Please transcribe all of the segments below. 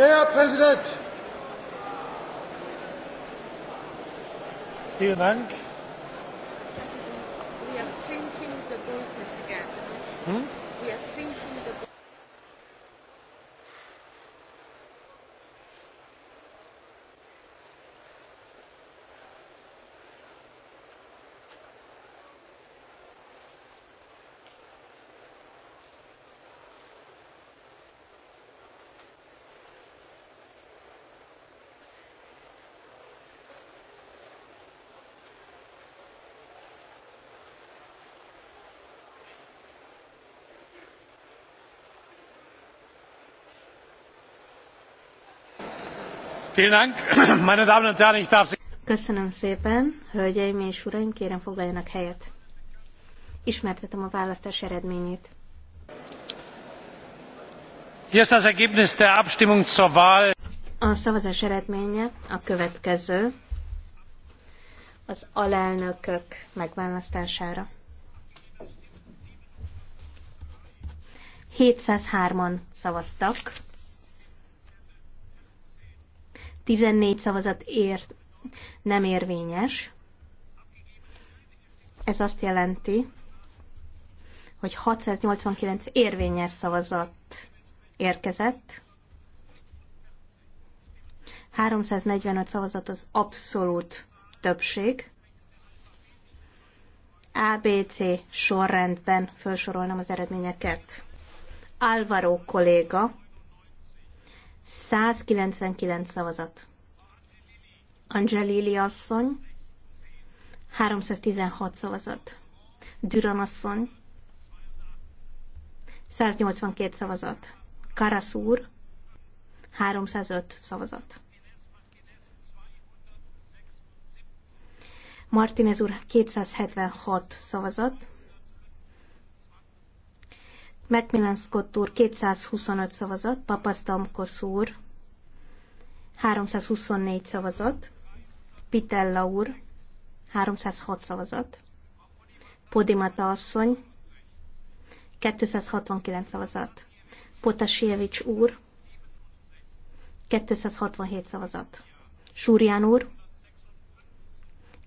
Der Präsident! Vielen Dank. President, Köszönöm szépen, hölgyeim és uraim, kérem foglaljanak helyet. Ismertetem a választás eredményét. Hier ist das Ergebnis der Abstimmung zur Wahl. A szavazás eredménye a következő az alelnökök megválasztására. 703-an szavaztak. 14 szavazat ért nem érvényes. Ez azt jelenti, hogy 689 érvényes szavazat érkezett. 345 szavazat az abszolút többség. ABC sorrendben felsorolnám az eredményeket. Álvaro kolléga 199 szavazat. Angelili asszony, 316 szavazat. Düran asszony, 182 szavazat. Karasz 305 szavazat. Martinez úr 276 szavazat, Macmillan Scott úr 225 szavazat, Papasztamkosz úr 324 szavazat, Pitella úr 306 szavazat, Podimata asszony 269 szavazat, Potasievics úr 267 szavazat, Súrján úr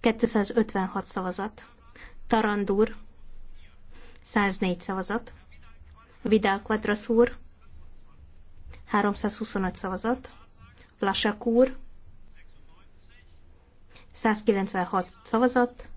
256 szavazat, Tarand úr 104 szavazat, Vidal Quadras úr, 325 szavazat, Vlasak úr, 196 szavazat,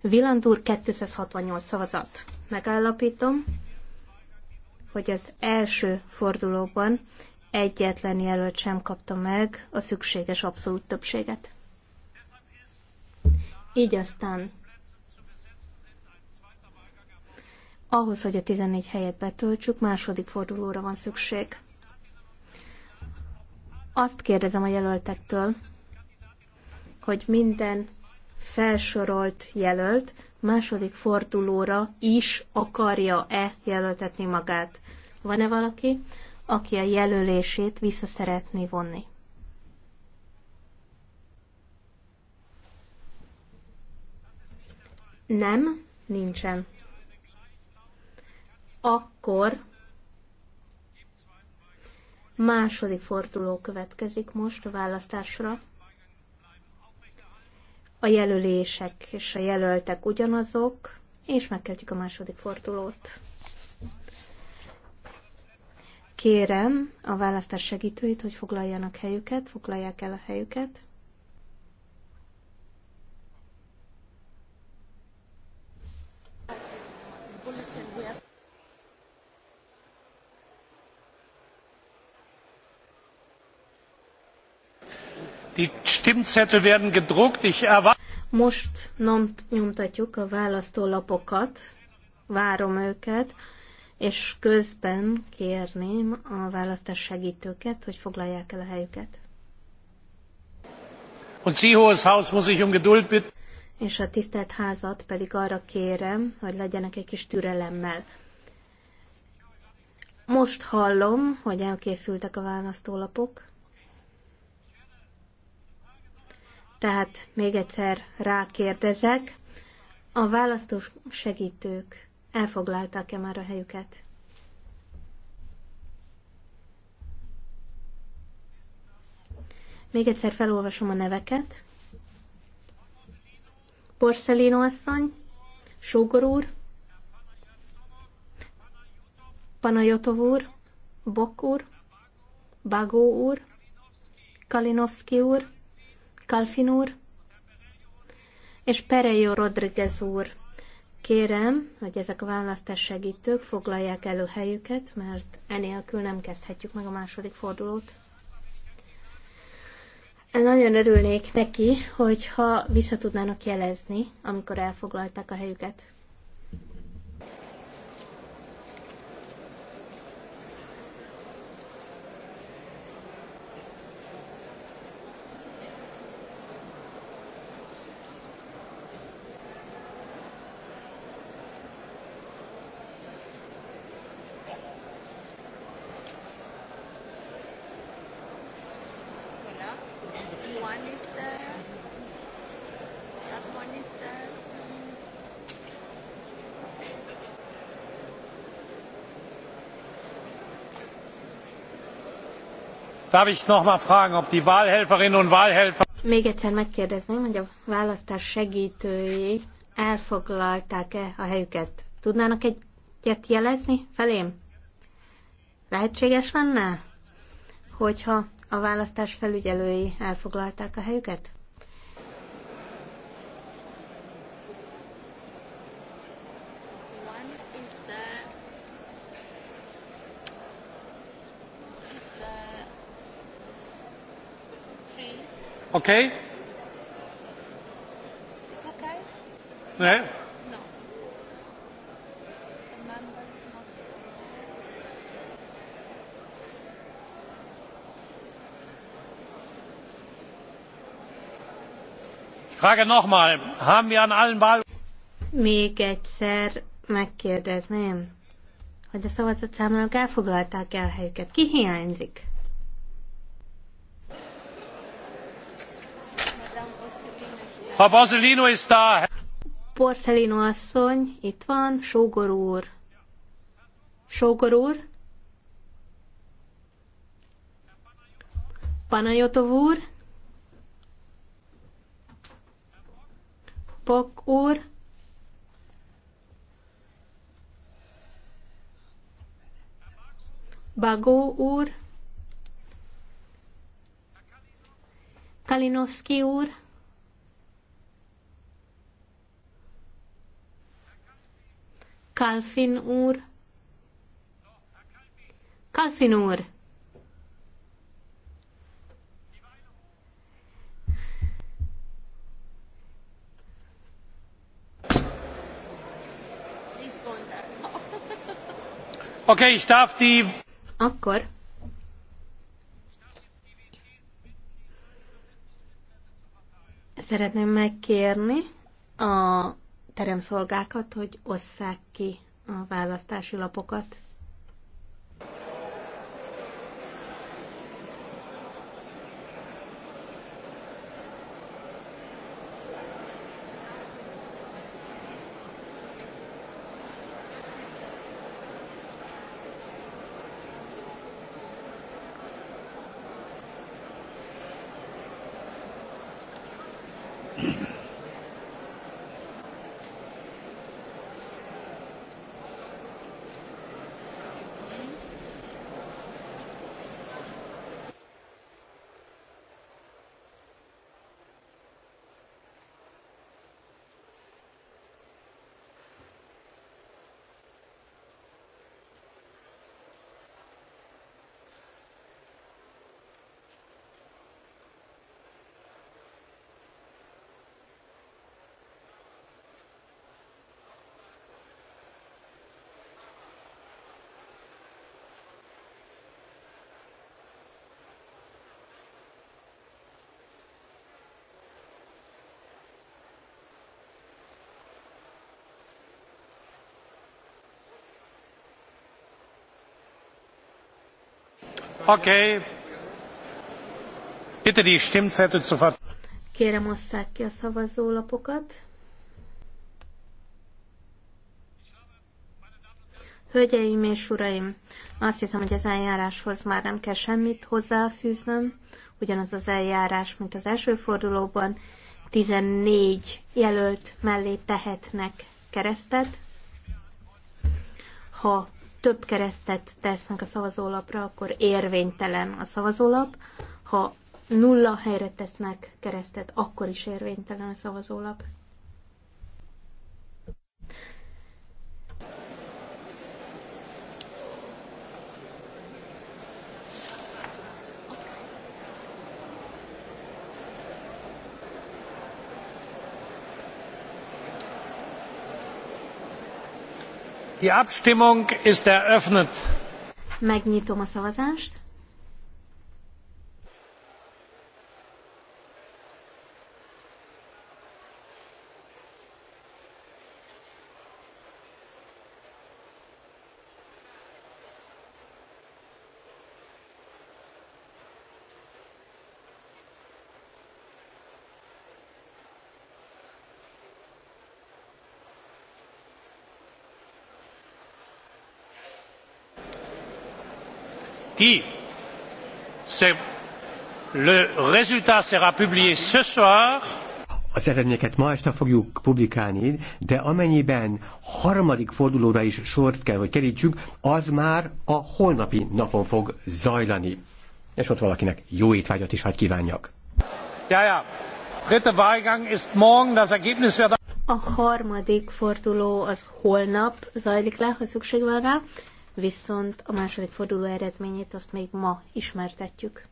Viland úr 268 szavazat. Megállapítom, hogy az első fordulóban egyetlen jelölt sem kapta meg a szükséges abszolút többséget. Így aztán Ahhoz, hogy a 14 helyet betöltsük, második fordulóra van szükség. Azt kérdezem a jelöltektől, hogy minden felsorolt jelölt második fordulóra is akarja-e jelöltetni magát. Van-e valaki, aki a jelölését vissza szeretné vonni? Nem, nincsen akkor második forduló következik most a választásra. A jelölések és a jelöltek ugyanazok, és megkezdjük a második fordulót. Kérem a választás segítőit, hogy foglaljanak helyüket, foglalják el a helyüket. Die Stimmzettel werden gedruckt. Ich Most nyomtatjuk a választólapokat, várom őket, és közben kérném a választás segítőket, hogy foglalják el a helyüket. Und Sie, hohes Haus, muss ich um Geduld bitten. És a tisztelt házat pedig arra kérem, hogy legyenek egy kis türelemmel. Most hallom, hogy elkészültek a választólapok. Tehát még egyszer rákérdezek, a választó segítők elfoglalták-e már a helyüket? Még egyszer felolvasom a neveket. Porcelino asszony, Sógor úr, Panajotov úr, Bok úr, Bagó úr, Kalinowski úr, Kalfin úr és Perejo Rodriguez úr. Kérem, hogy ezek a választás segítők foglalják elő helyüket, mert enélkül nem kezdhetjük meg a második fordulót. Nagyon örülnék neki, hogyha visszatudnának jelezni, amikor elfoglalták a helyüket. Darf ich noch mal fragen, ob die Wahlhelferinnen und Wahlhelfer... Még egyszer megkérdezném, hogy a választás segítői elfoglalták-e a helyüket. Tudnának egyet jelezni felém? Lehetséges lenne, hogyha a választás felügyelői elfoglalták a helyüket? Okay? It's okay? Yeah? No. The not frage nochmal, haben wir an allen Wahl... Még egyszer megkérdezném, hogy a szavazatszámlák elfoglalták el helyüket. Ki hiányzik? Ha ist da. Borsellino asszony, itt van, Sógor úr. Sógor úr? Panajotov úr? Pok úr? Bagó úr? Kalinowski úr? Kalfin úr. Kalfin úr. Okay, ich darf die... Akkor szeretném megkérni a teremszolgákat, hogy osszák ki a választási lapokat. Okay. Bitte die Stimmzettel zu ver Kérem, osszák ki a szavazólapokat. Hölgyeim és uraim, azt hiszem, hogy az eljáráshoz már nem kell semmit hozzáfűznöm. Ugyanaz az eljárás, mint az első fordulóban. 14 jelölt mellé tehetnek keresztet. Ha több keresztet tesznek a szavazólapra, akkor érvénytelen a szavazólap. Ha nulla helyre tesznek keresztet, akkor is érvénytelen a szavazólap. Die Abstimmung ist eröffnet. Megnyitom a szavazást. qui le résultat sera publié ce soir. Az eredményeket ma este fogjuk publikálni, de amennyiben harmadik fordulóra is sort kell, hogy kerítsük, az már a holnapi napon fog zajlani. És ott valakinek jó étvágyat is hagy kívánjak. Ja, ja. Dritte Wahlgang ist morgen, das Ergebnis wird... A harmadik forduló az holnap zajlik le, ha szükség van rá viszont a második forduló eredményét azt még ma ismertetjük.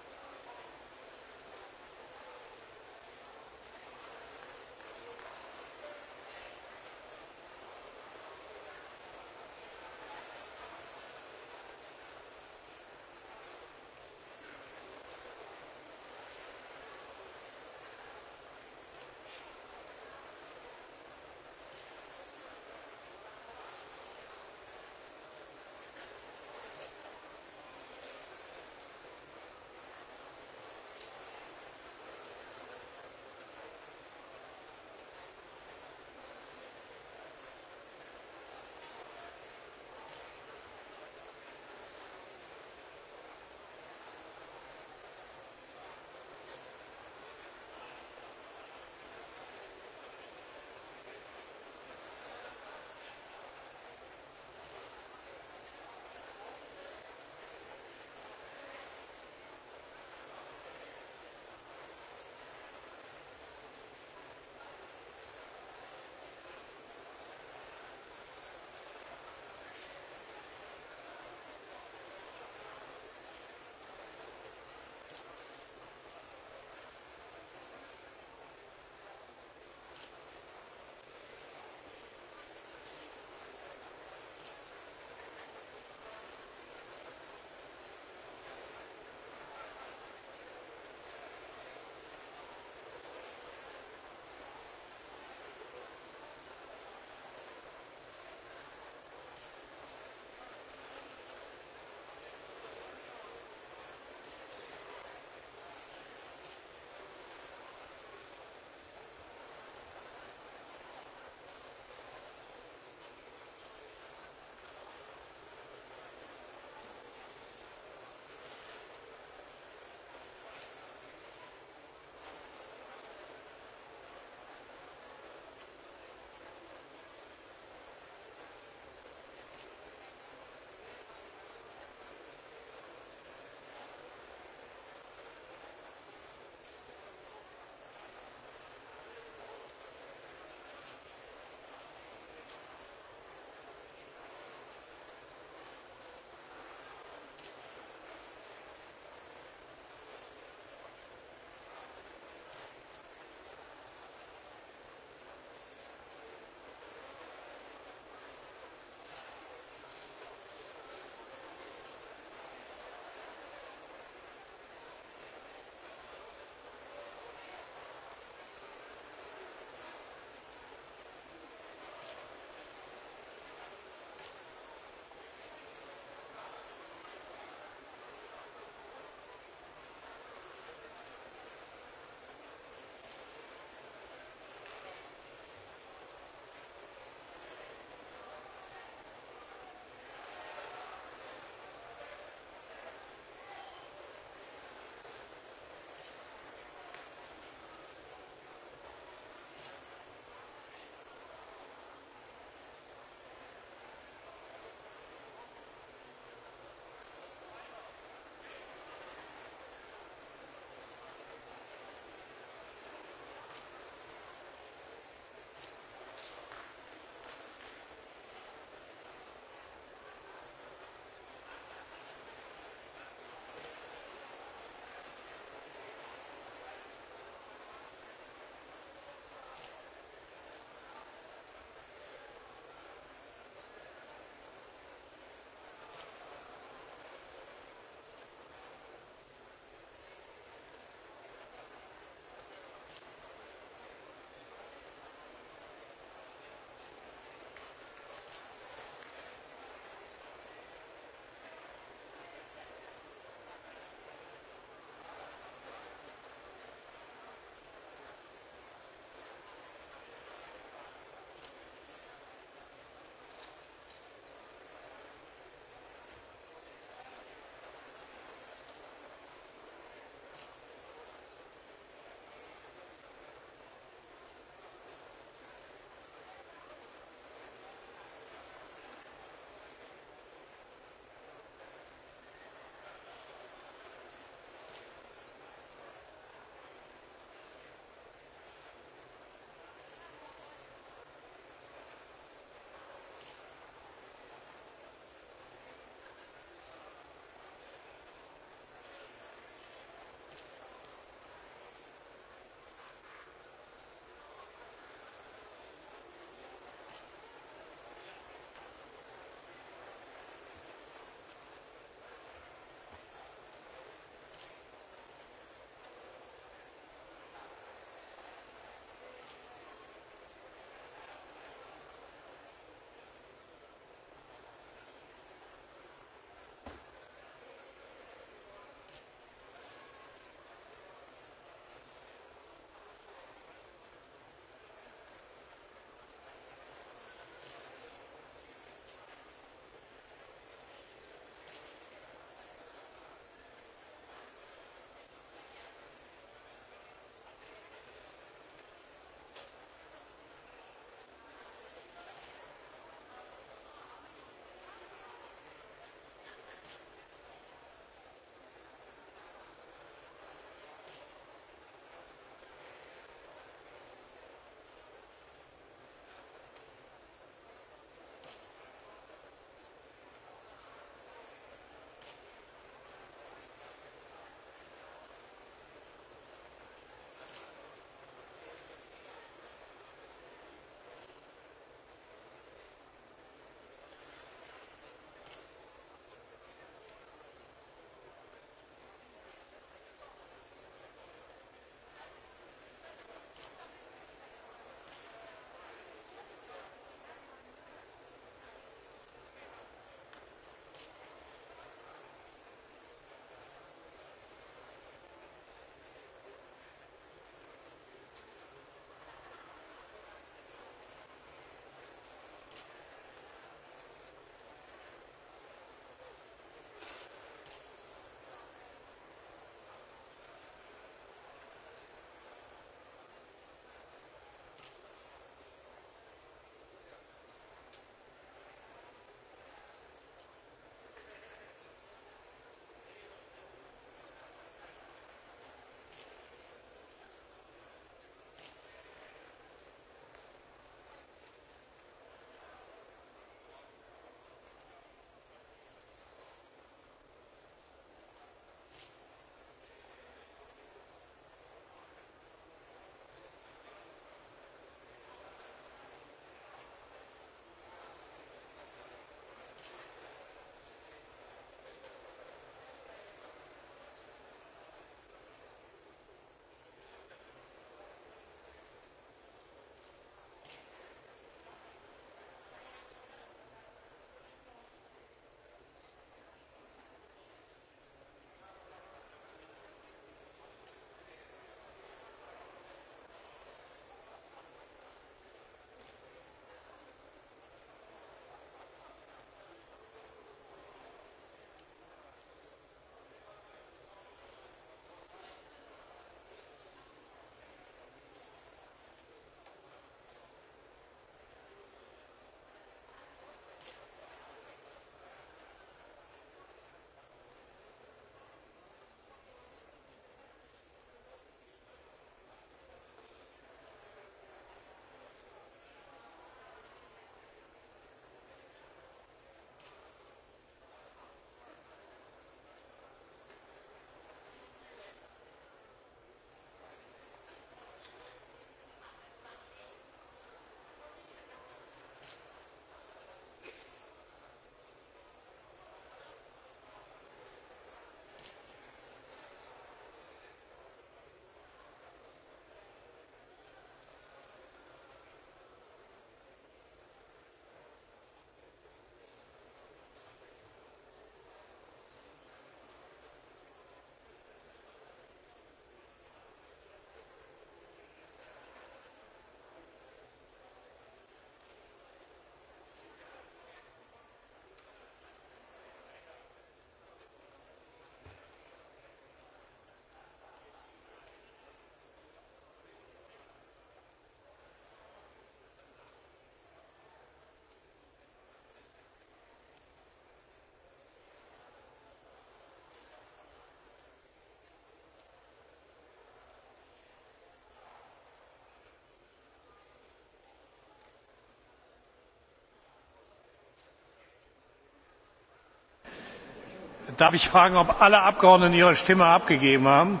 darf ich fragen ob alle abgeordneten ihre stimme abgegeben haben?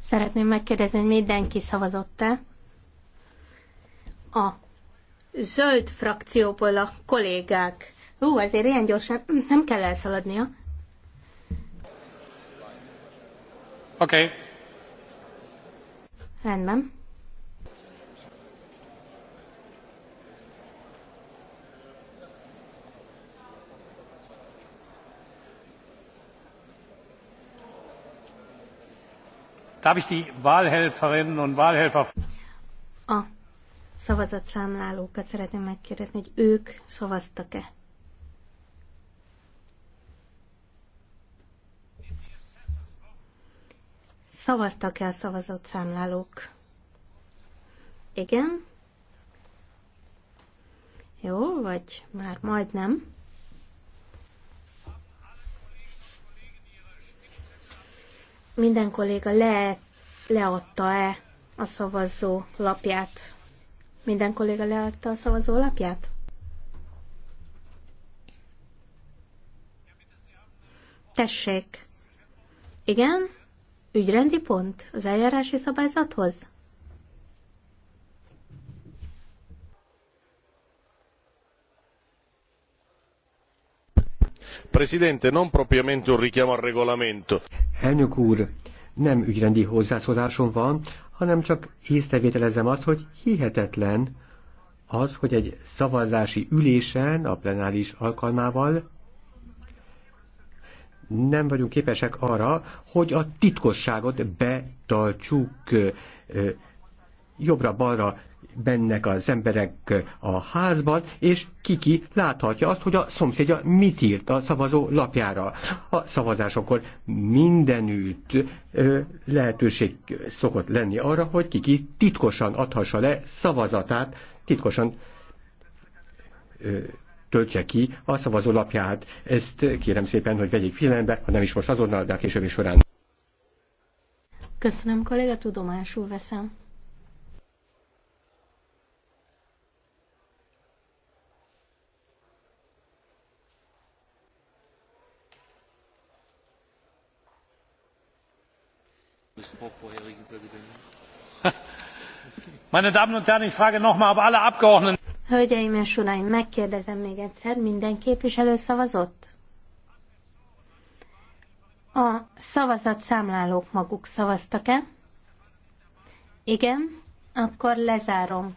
Szeretném megkérdezni, hogy mindenki szavazott-e? A zöld frakcióból a kollégák. Ú, azért ilyen gyorsan hm, nem kell elszaladnia. Oké. Okay. Rendben. Darf ich die Wahlhelferinnen und Wahlhelfer... A szavazatszámlálókat szeretném megkérdezni, hogy ők szavaztak-e? Szavaztak-e a szavazatszámlálók? Igen? Jó, vagy már majdnem. minden kolléga le, leadta-e a szavazó lapját? Minden kolléga leadta a szavazó lapját? Tessék. Igen? Ügyrendi pont az eljárási szabályzathoz? Presidente, non propriamente un richiamo al regolamento. Elnök úr, nem ügyrendi hozzászólásom van, hanem csak észrevételezem azt, hogy hihetetlen az, hogy egy szavazási ülésen a plenáris alkalmával nem vagyunk képesek arra, hogy a titkosságot betartsuk jobbra-balra bennek az emberek a házban, és kiki láthatja azt, hogy a szomszédja mit írt a szavazó lapjára. A szavazásokon mindenütt ö, lehetőség szokott lenni arra, hogy kiki titkosan adhassa le szavazatát, titkosan ö, töltse ki a szavazó lapját. Ezt kérem szépen, hogy vegyék figyelembe, ha nem is most azonnal, de a későbbi során. Köszönöm, kolléga, tudomásul veszem. Meine Damen und Herren, ich frage ob alle Abgeordneten... Hölgyeim és uraim, megkérdezem még egyszer, minden képviselő szavazott? A szavazatszámlálók maguk szavaztak-e? Igen, akkor lezárom